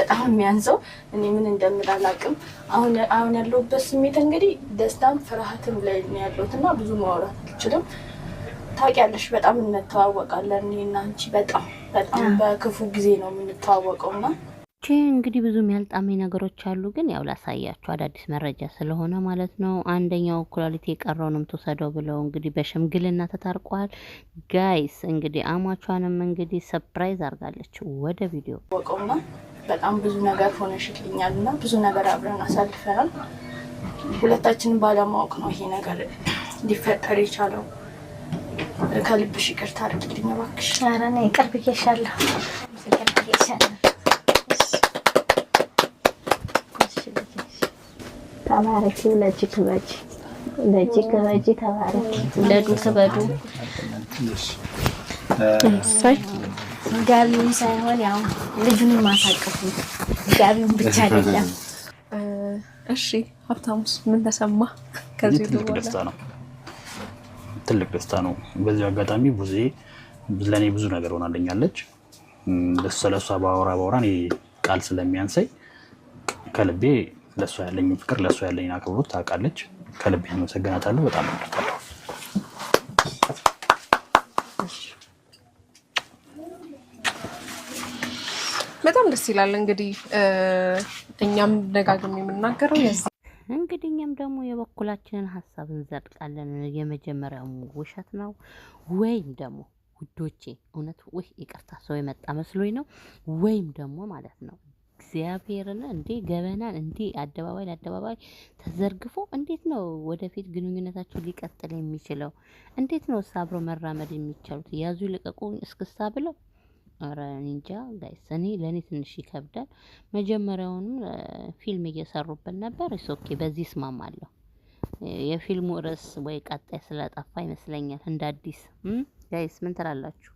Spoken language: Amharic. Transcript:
በጣም የሚያንሰው እኔ ምን እንደምል አላውቅም። አሁን ያለሁበት ስሜት እንግዲህ ደስታም ፍርሃትም ላይ ነው ያለሁት እና ብዙ ማውራት አልችልም። ታውቂያለሽ፣ በጣም እንተዋወቃለን እኔ እና አንቺ በጣም በጣም በክፉ ጊዜ ነው የምንተዋወቀው እና እንግዲህ ብዙም ያልጣመኝ ነገሮች አሉ፣ ግን ያው ላሳያችሁ አዳዲስ መረጃ ስለሆነ ማለት ነው። አንደኛው ኩላሊት የቀረውንም ትውሰደው ብለው እንግዲህ በሽምግልና ተታርቋል። ጋይስ እንግዲህ አሟቿንም እንግዲህ ሰፕራይዝ አድርጋለች። ወደ ቪዲዮ በጣም ብዙ ነገር ሆነሽልኛል እና ብዙ ነገር አብረን አሳልፈናል። ሁለታችንን ባለማወቅ ነው ይሄ ነገር ሊፈጠር የቻለው። ከልብሽ ይቅርታ አድርግልኝ እባክሽ። ኧረ እኔ ይቅር ተባረኪ፣ ለእጅ ክበጂ፣ ለእጅ ክበጂ፣ ተባረኪ። ውለዱ ክበዱ። ጋቢውን ሳይሆን ያው ልጁንም ማሳቀፉ ጋቢውን ብቻ አይደለም። እሺ ሀብታሙስ ምን ተሰማ? ከዚህ ትልቅ ደስታ ነው፣ ትልቅ ደስታ ነው። በዚህ አጋጣሚ ቡዜ ለእኔ ብዙ ነገር ሆናለኛለች። ስለሷ ባወራ ባወራ እኔ ቃል ስለሚያንሰኝ ከልቤ ለእሷ ያለኝን ፍቅር ለእሷ ያለኝን አክብሮት ታውቃለች። ከልብ አመሰግናታለሁ። በጣም ወዳታለሁ። በጣም ደስ ይላል። እንግዲህ እኛም ደጋግም የምናገረው እንግዲህ እኛም ደግሞ የበኩላችንን ሀሳብ እንዘልቃለን። የመጀመሪያው ውሸት ነው ወይም ደግሞ ውዶቼ እውነት ወይ ይቅርታ ሰው የመጣ መስሎኝ ነው ወይም ደግሞ ማለት ነው እግዚአብሔርን እንዴ ገበናን እንዴ አደባባይ ለአደባባይ ተዘርግፎ እንዴት ነው ወደፊት ግንኙነታቸው ሊቀጥል የሚችለው? እንዴት ነው ሳብሮ መራመድ የሚቻሉት? ያዙ ልቀቁ እስክስታ ብለው ኧረ እንጃ ጋይስ፣ እኔ ለእኔ ትንሽ ይከብዳል። መጀመሪያውንም ፊልም እየሰሩበት ነበር። ኦኬ፣ በዚህ እስማማለሁ። የፊልሙ ርዕስ ወይ ቀጣይ ስለጠፋ ይመስለኛል እንደ አዲስ። ጋይስ ምን ትላላችሁ?